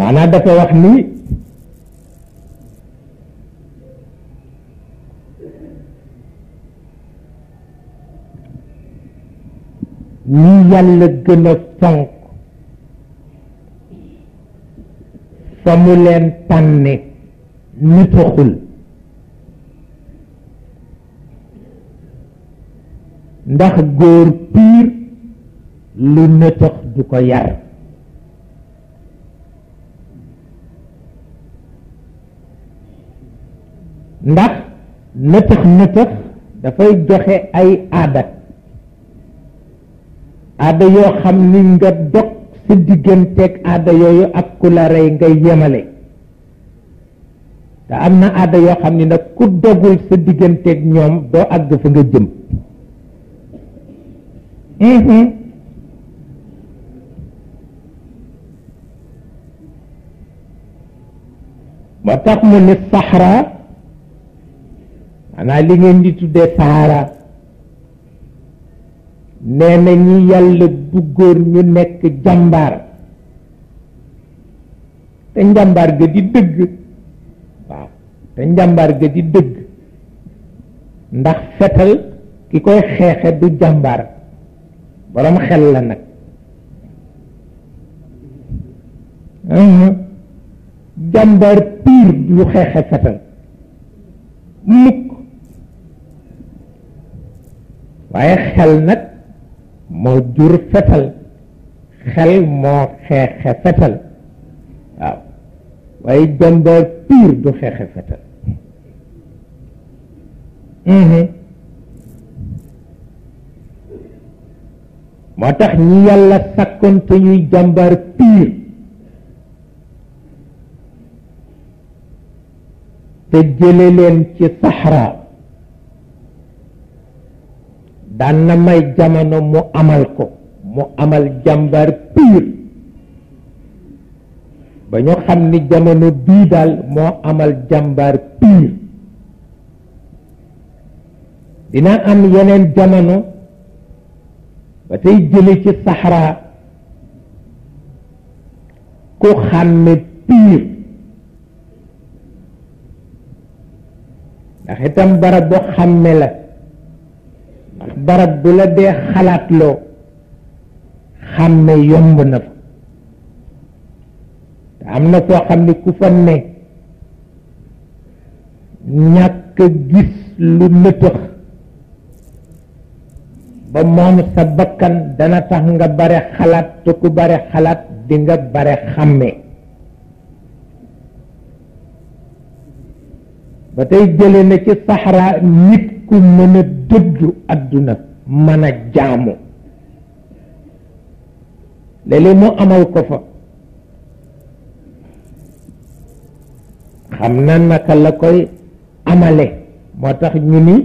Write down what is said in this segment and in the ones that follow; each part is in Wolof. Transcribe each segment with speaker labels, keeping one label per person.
Speaker 1: maanaam dafa wax ni ñi yàlla gën a samu fa mu leen tànne ni ndax góor piir lu nëtëx du ko yar ndax nëtëx nëtëx dafay joxe ay aada aada yoo xam ni nga dog si digganteeg aada yooyu ak ku la rey nga yemale te am na aada yoo xam ni nag ku dogul sa digganteeg ñoom doo àgg fa nga jëm ba mhm. tax mu ni saxra xanaa li ngeen di tuddee taara nee na ñi yàlla bu góor ñu nekk jàmbaar te jàmbaar ga di dëgg waaw te njàmbaar ga di dëgg ndax fetal ki koy xeexe du jàmbaar borom xel la nag jàmbaar piir du xeexe fetal mukk waaye xel nag moo jur fetal xel moo xeexe fetal waaw waaye jàmbaar piir du xeexe fetal moo tax ñi yàlla sakkoon te ñuy jàmbaar piir te jële leen ci saxraa daan na may jamono mu amal ko mu amal jàmbaar piir ba ñu xam ni jamono bii daal moo amal jàmbaar piir dina am yeneen jamono ba tey jële ci saxraa ku xàmme piir ndax itam barab bu xàmme la barab bu la dee xalaatloo xàmme yomb na fa am na foo xam ne ku fa ne ñàkk gis lu nëtëx ba moom sa bakkan dana tax nga bare xalaat te ku bare xalaat di nga bare xàmme ba tey jële na ci saxraa nit ku mën dëddu àdduna mën a jaamu léeg-léeg mu amal ko fa xam na naka la koy amale moo tax ñu ni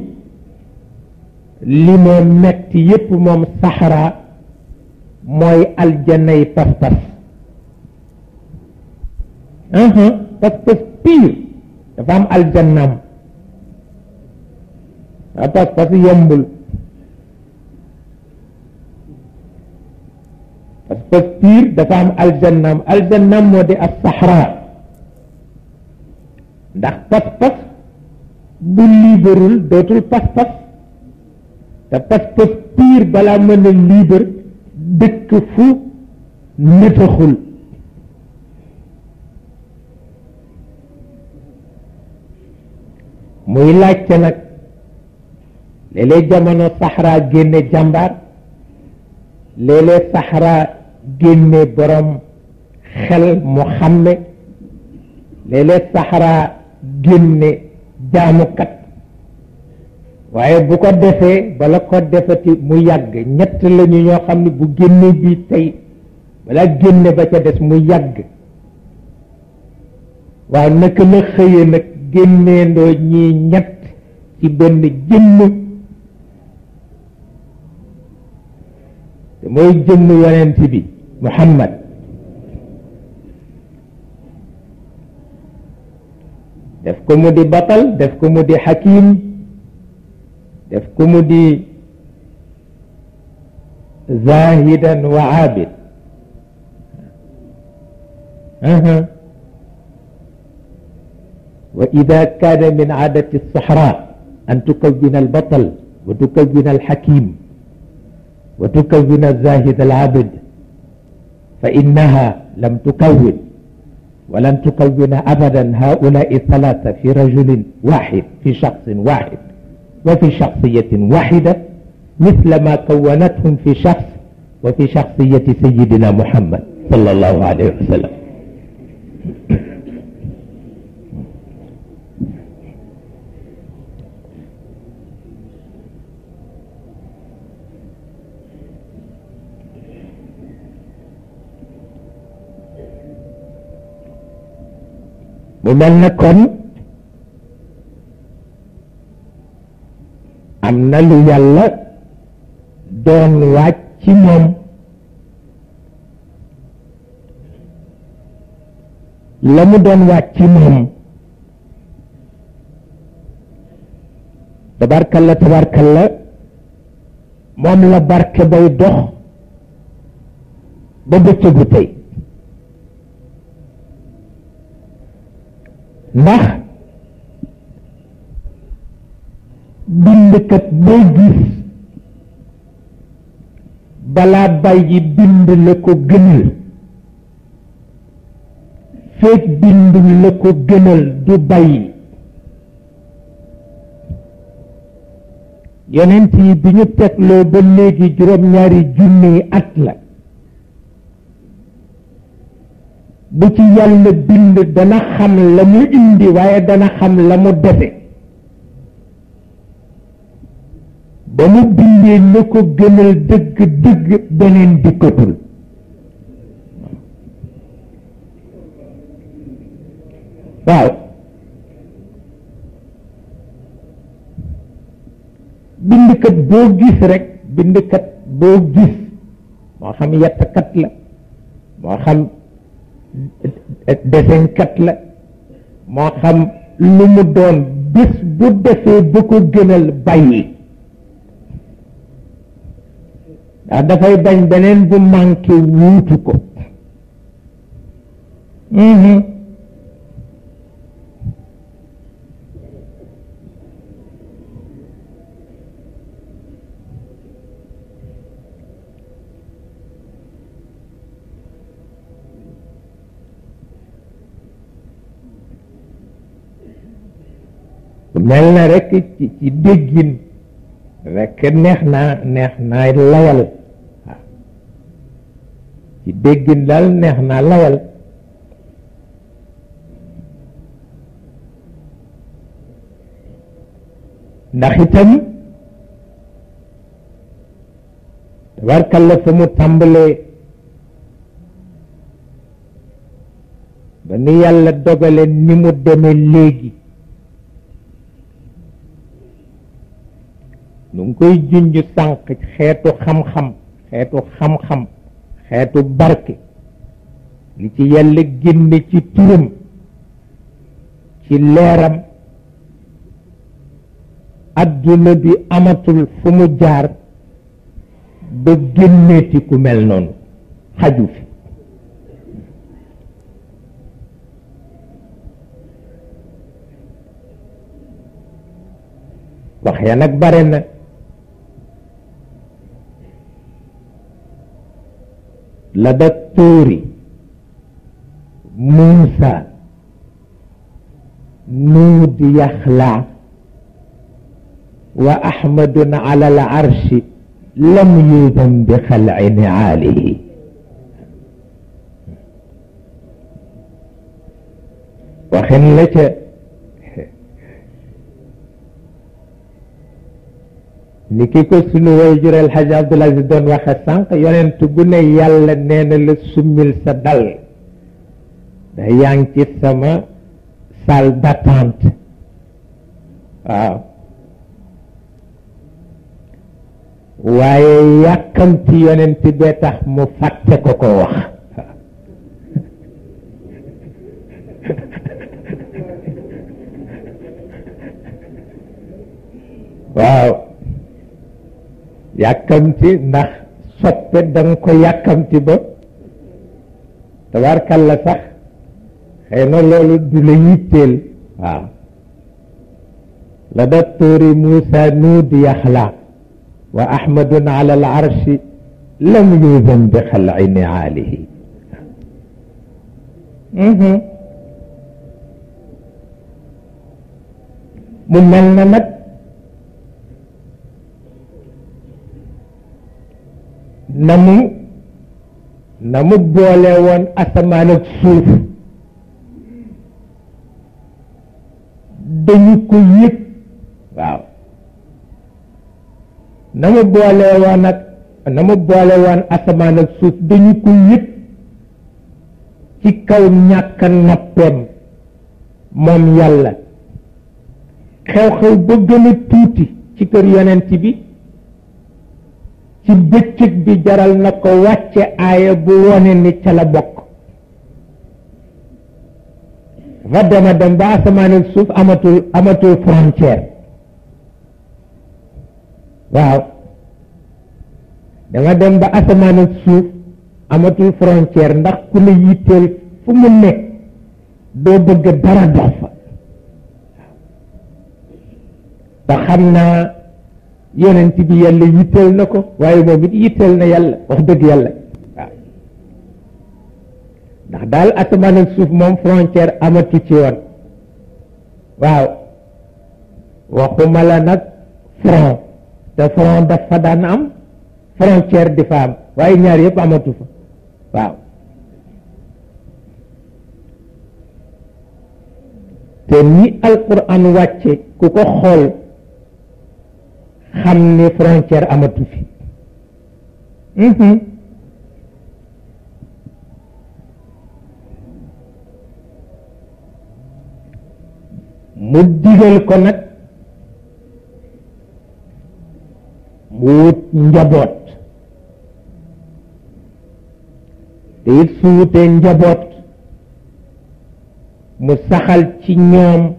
Speaker 1: li moo metti yépp moom saxraa mooy aljanay pas-pas pas-pas dafa am aljannaam a pas pas yombul parce que piir dafa am aljannaam aljannaam moo di as saxraa ndax pas-pas bu liibarul dootul pas-pas te pas-pas piir balaa mën a liibar dëkk fu nëtaxul muy laajte nag léeg jamono saxraa génne jàmbar léeg-léeg saxraa génne borom xel mu xàmme léeg-léeg génne jaamukat waaye bu ko defee bala ko defati mu yàgg ñett lañu ñoo xam ne bu génne bi tey bala génne ba ca des mu yàgg waaw naka la xëyee nag génneendoo ñii ñett ci benn jëmm te mooy jëmm yonent bi muhammad def ko mu di batal def ko mu di hakim def ko mu di zahidan wa abid uh -huh. وإذا كان من عادة الصحراء أن تكون البطل وتكون الحكيم وتكون الزاهد العابد فإنها لم تكون ولن تكون أبدا هؤلاء الثلاثة في رجل واحد في شخص واحد وفي شخصية واحدة مثل ما كونتهم في شخص وفي شخصية سيدنا محمد صلى الله عليه وسلم mu mel na kon am na lu yàlla doon waaj ci moom la mu doon waaj ci moom tabarkalla tabarkalla moom la barke bay dox ba bëccëgu tey ndax bindkat boo gis balaa bàyyi bind la ko gënal feeg bind la ko gënal du bàyyi yonent yi bi ñu tegloo ba léegi juróom-ñaari junni at la bu ci yàlla bind dana xam la mu indi waaye dana xam la mu defe ba mu bindee la ko gënal dëgg dëgg beneen dikkatul waaw bindkat boo gis rek bindkat boo gis moo xam yettkat la moo xam desenkat la moo xam lu mu doon bés bu defee bu ko gënal bàyyi ndax dafay bañ beneen bu manqué wuutu ko mhm. mel na rek ci ci déggin rek neex naa neex naa layal waaw ci déggin daal neex na layal ndax itam la fa mu tàmbalee ba yàlla dogale ni mu demee léegi nu ngi koy junj sànq xeetu xam-xam xeetu xam xeetu barke li ci yàlla génne ci turam ci leeram adduna bi amatul fu mu jaar ba génneeti ku mel noonu xaju fi wax ya nag bare na لدى الطور موسى نود يخلع وأحمد على العرش لم يذن بخلع نعاله وخن ni ki ko sunu way jureel xaj Abdul Aziz doon waxe sànq yonent gu ne yàlla nee na la summil sa dal da yaa ci sama salle d'attente waaye yàkkamti yonent bee ko ko wax waaw yàkkamti ndax soppe da nga ko yàkkamti ba tabarkal la sax xëy na loolu du la yitteel waaw لدى الطور موسى نودي يخلع وأحمد على العرش لم يوزن بخلع نعاله mu mel na nag na mu na mu boole woon asamaan ak suuf dañu ko yëg waaw na mu boole woon ak na mu boole woon asamaan ak suuf dañu ko yëg ci kaw ñàkk nappeem moom yàlla xew-xew ba gën a tuuti ci kër yonent bi ci bëccëg bi jaral na ko wàcce aaya bu wone ni ca la bokk fa dema dem ba asamaan suuf amatul frontière waaw dama dem ba asamaan ak suuf amatul frontière ndax ku la yitteel fu mu nekk doo bëgg dara dox fa xam naa yonent bi yàlla yitteel na ko waaye moom it yitteel na yàlla wax dëgg yàlla waaw ndax daal asamaan ak suuf moom frontière amatu ci woon waaw waxuma la nag front te front dafa daan am frontière di fa am ñaar yëpp amatu fa waaw te ni alquran wàcce ku ko xool xam ni frontière amatu fi mhm. mu digal ko nag mu wut njaboot te it su wutee njaboot mu saxal ci ñoom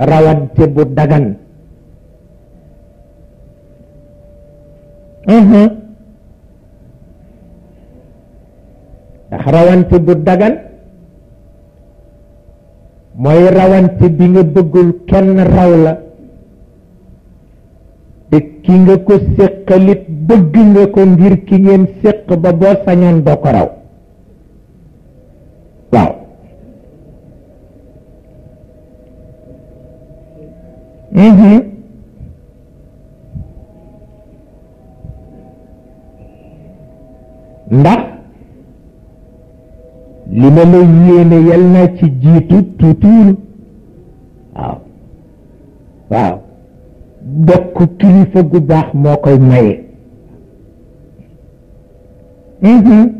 Speaker 1: rawan timbun dagang. Mhm. Aha. Ndax rawan timbun dagan mai rawan bi nga bëggul kenn raw la sekalit ki kondir ko sek bëgg nga ko Uhum. Mm-hmm. ndax li ma la yéene yal naa ci jiitu tuutiwul waaw waaw bokk kilifa gu baax moo koy maye. Mm-hmm.